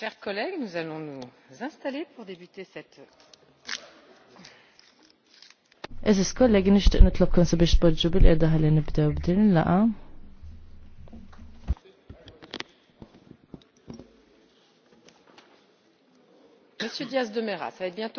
chers collègues nous allons nous installer pour débuter cette Eżis kollegi nixtieq nitlobkom sabiex tpoġġu bil-qiegħda ħalli nibdew b'din il-laqa. Monsieur Diaz de Mera, ça va être bientôt